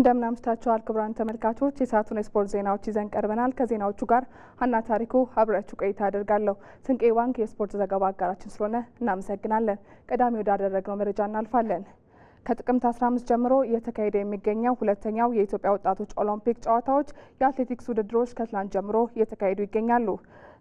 እንደምን አምሽታችኋል ክቡራን ተመልካቾች፣ የሰዓቱን የስፖርት ዜናዎች ይዘን ቀርበናል። ከዜናዎቹ ጋር አና ታሪኩ አብሬያችሁ ቆይታ አደርጋለሁ። ስንቄ ባንክ የስፖርት ዘገባ አጋራችን ስለሆነ እናመሰግናለን። ቀዳሚ ወዳደረግነው መረጃ እናልፋለን። ከጥቅምት 15 ጀምሮ እየተካሄደ የሚገኘው ሁለተኛው የኢትዮጵያ ወጣቶች ኦሎምፒክ ጨዋታዎች የአትሌቲክስ ውድድሮች ከትላንት ጀምሮ እየተካሄዱ ይገኛሉ።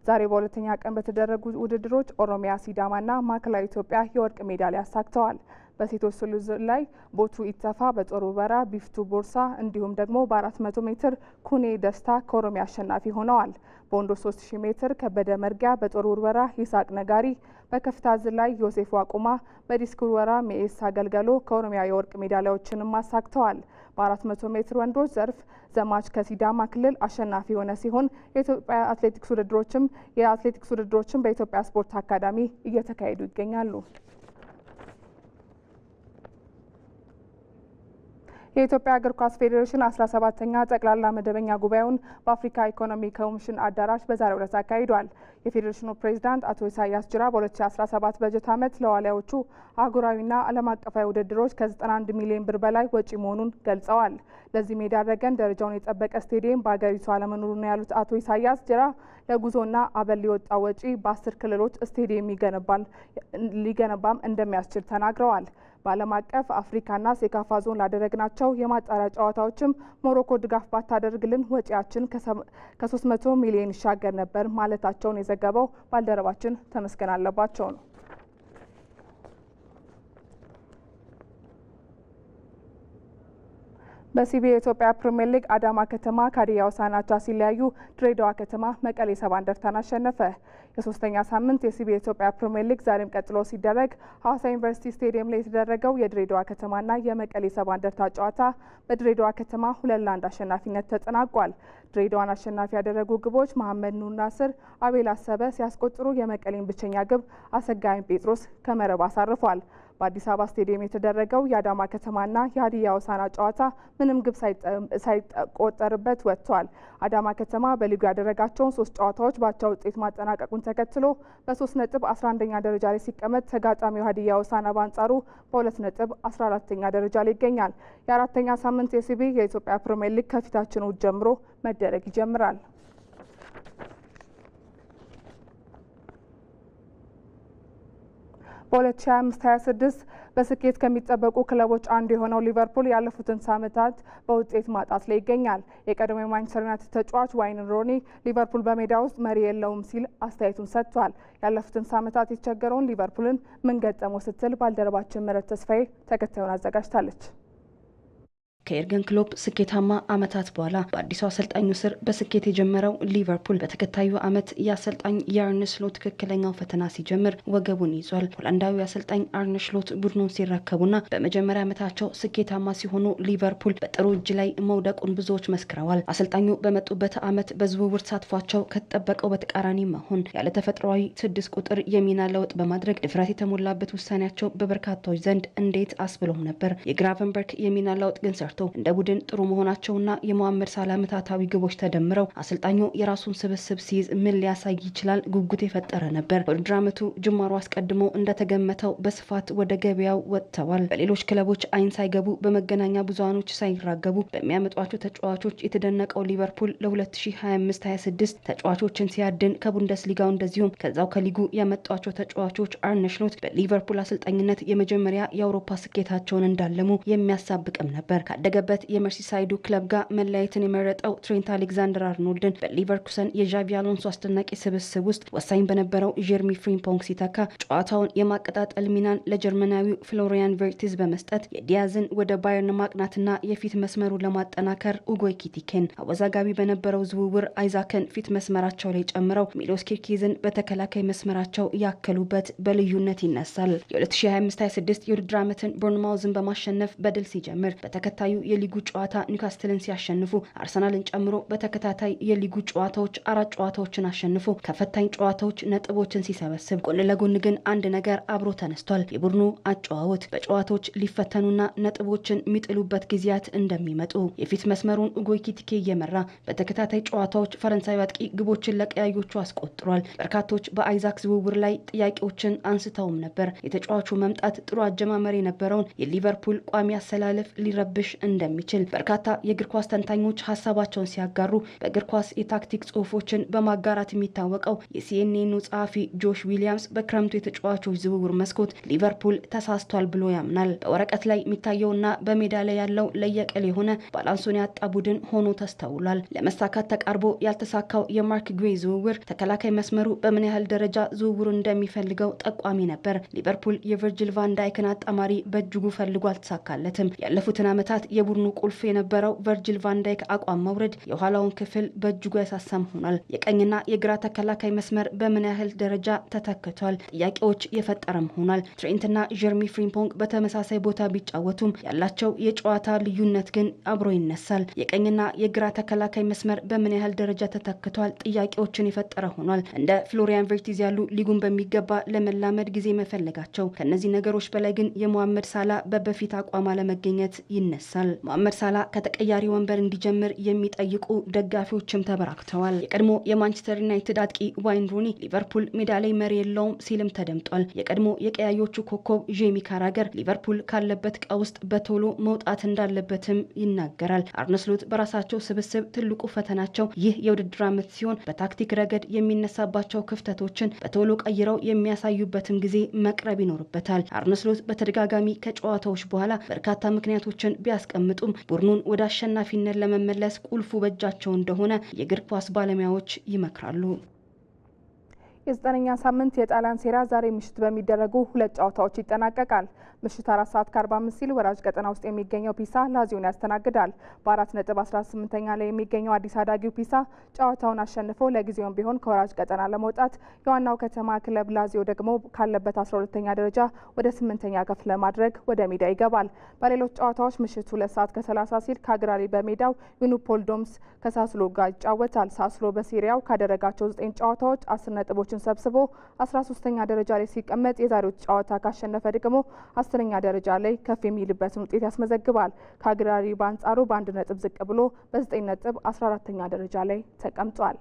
ዛሬ በሁለተኛ ቀን በተደረጉ ውድድሮች ኦሮሚያ፣ ሲዳማና ማዕከላዊ ኢትዮጵያ የወርቅ ሜዳሊያ አሳክተዋል። በሴቶች ስሉስ ላይ ቦቱ ኢተፋ በጦር ውበራ ቢፍቱ ቦርሳ እንዲሁም ደግሞ በ400 ሜትር ኩኔ ደስታ ከኦሮሚያ አሸናፊ ሆነዋል። በወንዶች 3000 ሜትር ከበደ መርጊያ በጦር ውርወራ ይስሐቅ ነጋሪ፣ በከፍታ ዝላይ ዮሴፍ ዋቁማ፣ በዲስክ ውርወራ ሜኤሳ አገልገሎ ከኦሮሚያ የወርቅ ሜዳሊያዎችንም አሳክተዋል። በ400 ሜትር ወንዶች ዘርፍ ዘማች ከሲዳማ ክልል አሸናፊ የሆነ ሲሆን የኢትዮጵያ አትሌቲክስ ውድድሮችም የአትሌቲክስ ውድድሮችም በኢትዮጵያ ስፖርት አካዳሚ እየተካሄዱ ይገኛሉ። የኢትዮጵያ እግር ኳስ ፌዴሬሽን 17 ተኛ ጠቅላላ መደበኛ ጉባኤውን በአፍሪካ ኢኮኖሚ ኮሚሽን አዳራሽ በዛሬው ዕለት አካሂዷል። የፌዴሬሽኑ ፕሬዚዳንት አቶ ኢሳያስ ጅራ በ2017 በጀት ዓመት ለዋሊያዎቹ አህጉራዊና ዓለም አቀፋዊ ውድድሮች ከ91 ሚሊዮን ብር በላይ ወጪ መሆኑን ገልጸዋል። ለዚህም የዳረገን ደረጃውን የጠበቀ ስቴዲየም በሀገሪቱ አለመኖሩ ነው ያሉት አቶ ኢሳያስ ጅራ ለጉዞና አበል ሊወጣ ወጪ በአስር ክልሎች ስቴዲየም ሊገነባም እንደሚያስችል ተናግረዋል። በዓለም አቀፍ አፍሪካና ሴካፋ ዞን ላደረግናቸው የማጣሪያ ጨዋታዎችም ሞሮኮ ድጋፍ ባታደርግልን ወጪያችን ከ300 ሚሊዮን ይሻገር ነበር ማለታቸውን የዘገበው ባልደረባችን ተመስገን አለባቸው ነው። በሲቢ የኢትዮጵያ ፕሪምየር ሊግ አዳማ ከተማ ሀዲያ ሆሳዕና አቻ ሲለያዩ ድሬዳዋ ከተማ መቀሌ ሰባ እንደርታን አሸነፈ። የሶስተኛ ሳምንት የሲቢ የኢትዮጵያ ፕሪምየር ሊግ ዛሬም ቀጥሎ ሲደረግ ሀዋሳ ዩኒቨርሲቲ ስቴዲየም ላይ የተደረገው የድሬዳዋ ከተማና የመቀሌ ሰባ እንደርታ ጨዋታ በድሬዳዋ ከተማ ሁለት ለአንድ አሸናፊነት ተጠናቋል። ድሬዳዋን አሸናፊ ያደረጉ ግቦች መሐመድ ኑናስር፣ አቤል አሰበ ሲያስቆጥሩ የመቀሌን ብቸኛ ግብ አሰጋኝ ጴጥሮስ ከመረብ አሳርፏል። በአዲስ አበባ ስቴዲየም የተደረገው የአዳማ ከተማና የሀዲያ ሆሳዕና ጨዋታ ምንም ግብ ሳይቆጠርበት ወጥቷል። አዳማ ከተማ በሊጉ ያደረጋቸውን ሶስት ጨዋታዎች ባቻ ውጤት ማጠናቀቁን ተከትሎ በሶስት ነጥብ 11ኛ ደረጃ ላይ ሲቀመጥ ተጋጣሚው ሀዲያ ሆሳዕና በአንጻሩ በሁለት ነጥብ 14ኛ ደረጃ ላይ ይገኛል። የአራተኛ ሳምንት የሲቢ የኢትዮጵያ ፕሪምየር ሊግ ከፊታችን ውድ ጀምሮ መደረግ ይጀምራል። በ2025/26 በስኬት ከሚጠበቁ ክለቦች አንዱ የሆነው ሊቨርፑል ያለፉትን ሳምንታት በውጤት ማጣት ላይ ይገኛል። የቀድሞ የማንቸስተር ዩናይትድ ተጫዋች ዋይን ሮኒ ሊቨርፑል በሜዳ ውስጥ መሪ የለውም ሲል አስተያየቱን ሰጥቷል። ያለፉትን ሳምንታት የተቸገረውን ሊቨርፑልን ምን ገጠመው ስትል ባልደረባችን ምረት ተስፋዬ ተከታዩን አዘጋጅታለች። ከኤርገን ክሎፕ ስኬታማ ዓመታት በኋላ በአዲሱ አሰልጣኙ ስር በስኬት የጀመረው ሊቨርፑል በተከታዩ ዓመት የአሰልጣኝ የአርነስሎት ትክክለኛው ፈተና ሲጀምር ወገቡን ይዟል። ሆላንዳዊ አሰልጣኝ አርነስሎት ቡድኑን ሲረከቡና በመጀመሪያ ዓመታቸው ስኬታማ ሲሆኑ ሊቨርፑል በጥሩ እጅ ላይ መውደቁን ብዙዎች መስክረዋል። አሰልጣኙ በመጡበት ዓመት በዝውውር ተሳትፏቸው ከተጠበቀው በተቃራኒ መሆን ያለ ተፈጥሯዊ ስድስት ቁጥር የሚና ለውጥ በማድረግ ድፍረት የተሞላበት ውሳኔያቸው በበርካታዎች ዘንድ እንዴት አስብሎም ነበር። የግራቨንበርክ የሚና ለውጥ ግን ሰርቷል። ተሳክተው እንደ ቡድን ጥሩ መሆናቸውና የመሐመድ ሳላ ምታታዊ ግቦች ተደምረው አሰልጣኙ የራሱን ስብስብ ሲይዝ ምን ሊያሳይ ይችላል ጉጉት የፈጠረ ነበር። በውድድር ዓመቱ ጅማሮ አስቀድሞ እንደተገመተው በስፋት ወደ ገበያው ወጥተዋል። በሌሎች ክለቦች አይን ሳይገቡ በመገናኛ ብዙሃኖች ሳይራገቡ በሚያመጧቸው ተጫዋቾች የተደነቀው ሊቨርፑል ለ2025/26 ተጫዋቾችን ሲያድን ከቡንደስሊጋው እንደዚሁም ከዛው ከሊጉ ያመጧቸው ተጫዋቾች አርነ ስሎት በሊቨርፑል አሰልጣኝነት የመጀመሪያ የአውሮፓ ስኬታቸውን እንዳለሙ የሚያሳብቅም ነበር። ካደገበት የመርሲሳይዱ ክለብ ጋር መለያየትን የመረጠው ትሬንት አሌክዛንደር አርኖልድን በሊቨርኩሰን የዣቪ አሎንሶ አስደናቂ ስብስብ ውስጥ ወሳኝ በነበረው ጀርሚ ፍሪምፖንግ ሲተካ ጨዋታውን የማቀጣጠል ሚናን ለጀርመናዊው ፍሎሪያን ቨርቲዝ በመስጠት የዲያዝን ወደ ባየርን ማቅናትና የፊት መስመሩ ለማጠናከር ኡጎ ኤኪቲኬን አወዛጋቢ በነበረው ዝውውር አይዛክን ፊት መስመራቸው ላይ ጨምረው ሚሎስ ኪርኪዝን በተከላካይ መስመራቸው ያከሉበት በልዩነት ይነሳል። የ2025/26 የውድድር ዓመትን ቦርንማውዝን በማሸነፍ በድል ሲጀምር በተከታዩ በቀጣዩ የሊጉ ጨዋታ ኒውካስትልን ሲያሸንፉ አርሰናልን ጨምሮ በተከታታይ የሊጉ ጨዋታዎች አራት ጨዋታዎችን አሸንፎ ከፈታኝ ጨዋታዎች ነጥቦችን ሲሰበስብ ጎን ለጎን ግን አንድ ነገር አብሮ ተነስቷል። የቡድኑ አጨዋወት በጨዋታዎች ሊፈተኑና ነጥቦችን የሚጥሉበት ጊዜያት እንደሚመጡ የፊት መስመሩን ጎይኪቲኬ እየመራ በተከታታይ ጨዋታዎች ፈረንሳዊ አጥቂ ግቦችን ለቀያዮቹ አስቆጥሯል። በርካቶች በአይዛክ ዝውውር ላይ ጥያቄዎችን አንስተውም ነበር። የተጫዋቹ መምጣት ጥሩ አጀማመር የነበረውን የሊቨርፑል ቋሚ አሰላለፍ ሊረብሽ እንደሚችል በርካታ የእግር ኳስ ተንታኞች ሀሳባቸውን ሲያጋሩ በእግር ኳስ የታክቲክ ጽሁፎችን በማጋራት የሚታወቀው የሲኤንኤኑ ጸሐፊ ጆሽ ዊሊያምስ በክረምቱ የተጫዋቾች ዝውውር መስኮት ሊቨርፑል ተሳስቷል ብሎ ያምናል። በወረቀት ላይ የሚታየውና በሜዳ ላይ ያለው ለየቅል የሆነ ባላንሱን ያጣ ቡድን ሆኖ ተስተውሏል። ለመሳካት ተቃርቦ ያልተሳካው የማርክ ጉዌ ዝውውር ተከላካይ መስመሩ በምን ያህል ደረጃ ዝውውሩ እንደሚፈልገው ጠቋሚ ነበር። ሊቨርፑል የቨርጅል ቫንዳይክን አጣማሪ በእጅጉ ፈልጎ አልተሳካለትም። ያለፉትን ዓመታት የቡድኑ ቁልፍ የነበረው ቨርጅል ቫንዳይክ አቋም መውረድ የኋላውን ክፍል በእጅጉ ያሳሳም ሆኗል። የቀኝና የግራ ተከላካይ መስመር በምን ያህል ደረጃ ተተክቷል? ጥያቄዎች የፈጠረም ሆኗል። ትሬንትና ጀርሚ ፍሪምፖንግ በተመሳሳይ ቦታ ቢጫወቱም ያላቸው የጨዋታ ልዩነት ግን አብሮ ይነሳል። የቀኝና የግራ ተከላካይ መስመር በምን ያህል ደረጃ ተተክቷል? ጥያቄዎችን የፈጠረ ሆኗል። እንደ ፍሎሪያን ቨርቲዝ ያሉ ሊጉን በሚገባ ለመላመድ ጊዜ መፈለጋቸው ከእነዚህ ነገሮች በላይ ግን የሞሐመድ ሳላ በበፊት አቋም አለመገኘት ይነሳል። ይደርሳል። መሐመድ ሳላ ከተቀያሪ ወንበር እንዲጀምር የሚጠይቁ ደጋፊዎችም ተበራክተዋል። የቀድሞ የማንቸስተር ዩናይትድ አጥቂ ዋይን ሩኒ ሊቨርፑል ሜዳ ላይ መሪ የለውም ሲልም ተደምጧል። የቀድሞ የቀያዮቹ ኮከብ ጄሚ ካራገር ሊቨርፑል ካለበት ዕቃ ውስጥ በቶሎ መውጣት እንዳለበትም ይናገራል። አርነስሎት በራሳቸው ስብስብ ትልቁ ፈተናቸው ይህ የውድድር ዓመት ሲሆን በታክቲክ ረገድ የሚነሳባቸው ክፍተቶችን በቶሎ ቀይረው የሚያሳዩበትም ጊዜ መቅረብ ይኖርበታል። አርነስሎት በተደጋጋሚ ከጨዋታዎች በኋላ በርካታ ምክንያቶችን ቢያስ ቢያስቀምጡም ቡድኑን ወደ አሸናፊነት ለመመለስ ቁልፉ በእጃቸው እንደሆነ የእግር ኳስ ባለሙያዎች ይመክራሉ። የዘጠነኛ ሳምንት የጣሊያን ሴራ ዛሬ ምሽት በሚደረጉ ሁለት ጨዋታዎች ይጠናቀቃል። ምሽት አራት ሰዓት ከ45 ሲል ወራጅ ቀጠና ውስጥ የሚገኘው ፒሳ ላዚዮን ያስተናግዳል። በአራት ነጥብ 18ኛ ላይ የሚገኘው አዲስ አዳጊው ፒሳ ጨዋታውን አሸንፎ ለጊዜውም ቢሆን ከወራጅ ቀጠና ለመውጣት፣ የዋናው ከተማ ክለብ ላዚዮ ደግሞ ካለበት 12ኛ ደረጃ ወደ 8ኛ ከፍ ለማድረግ ወደ ሜዳ ይገባል። በሌሎች ጨዋታዎች ምሽት ሁለት ሰዓት ከ30 ሲል ካግራሪ በሜዳው ዩኒፖል ዶምስ ከሳስሎ ጋር ይጫወታል። ሳስሎ በሲሪያው ካደረጋቸው 9 ጨዋታዎች 10 ነጥቦችን ሰብስቦ 13 ተኛ ደረጃ ላይ ሲቀመጥ የዛሬው ጨዋታ ካሸነፈ ደግሞ አስረኛ ደረጃ ላይ ከፍ የሚልበትን ውጤት ያስመዘግባል። ከአግራሪ በአንጻሩ በአንድ ነጥብ ዝቅ ብሎ በዘጠኝ ነጥብ አስራ አራተኛ ደረጃ ላይ ተቀምጧል።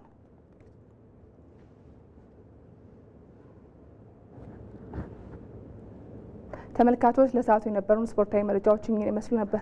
ተመልካቾች ለሰዓቱ የነበሩን ስፖርታዊ መረጃዎች ይህን ይመስሉ ነበር።